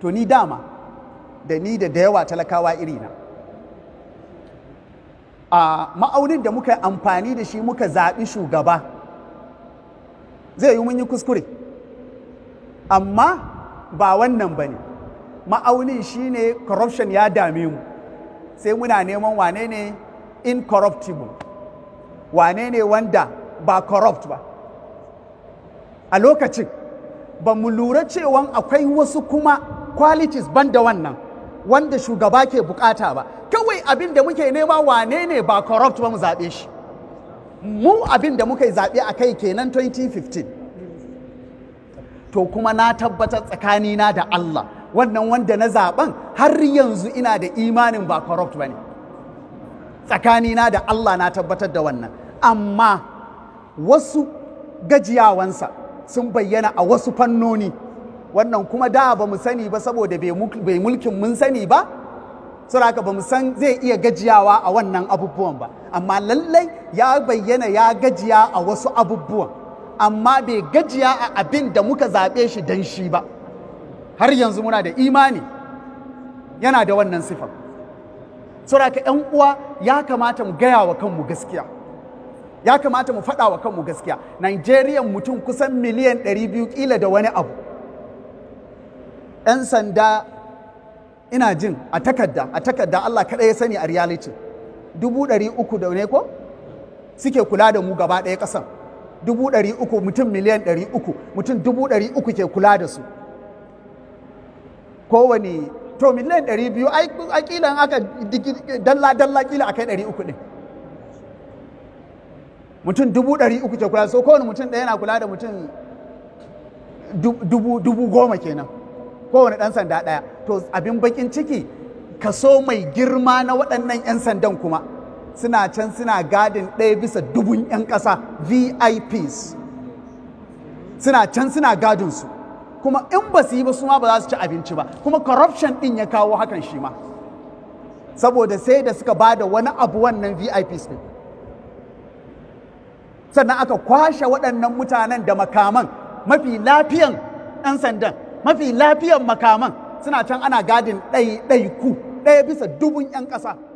to ni dama da ni da da yawa talakawa na a ma'aunin da muka amfani da shi muka zaɓi shugaba zai yi mun yi kuskure amma ba wannan ba ne ma'aunin shi ne corruption ya dame mu sai muna neman wane ne incorruptible wane ne wanda ba corrupt ba a lokacin ba mu lura cewa akwai wasu kuma qualities ban da wannan wanda shugaba ke bukata ba kawai abin da muke nema wane ne ba corrupt ba mu zaɓe shi mu abin da muka yi zaɓe a kai kenan 2015 to kuma na tabbatar tsakanina da Allah wannan wanda na zaɓen har yanzu ina da imanin ba corrupt ba ne tsakanina da Allah na tabbatar da wannan amma wasu gajiyawansa sun bayyana a wasu fannoni wannan kuma da ba mu sani ba saboda bai mulkin mun sani ba saboda ba mu san zai iya gajiyawa a wannan abubuwan ba amma lallai ya bayyana ya gajiya a wasu abubuwan amma bai gajiya a abin da muka zaɓe shi don shi ba har yanzu muna da imani yana da wannan sifar saboda ‘yan uwa ya kamata mu gaya wa kanmu gaskiya ya kamata mu faɗa wa kanmu gaskiya Najeriya mutum kusan miliyan 200 kila da wani abu 'yan sanda ina jin a takarda a takarda Allah kaɗai ya sani a reality dubu ɗari uku da ne ko suke kula da mu gaba ɗaya ƙasan dubu ɗari uku mutum miliyan ɗari uku mutum dubu ɗari uku ke kula da su kowane to miliyan ɗari biyu a ƙilan aka dalla dalla ƙila a kai ɗari uku ɗin mutum dubu ɗari uku ke kula su, kowane mutum ɗaya yana kula da mutum dubu goma kenan kowane ɗan sanda ɗaya to abin bakin ciki kaso mai girma na waɗannan 'yan sandan kuma suna can suna gadin ɗaya bisa dubun 'yan ƙasa vips suna can suna gadinsu kuma in ba su yi ba su ma ba za su ci abinci ba kuma corruption ɗin ya kawo hakan shi ma saboda sai da suka ba da wani abu wannan vips ne. sannan aka kwashe waɗannan mutanen da makaman mafi lafiyan 'yan sandan mafi lafiyan makaman suna can ana gadin ɗaiɗaiku ɗaya bisa dubun 'yan ƙasa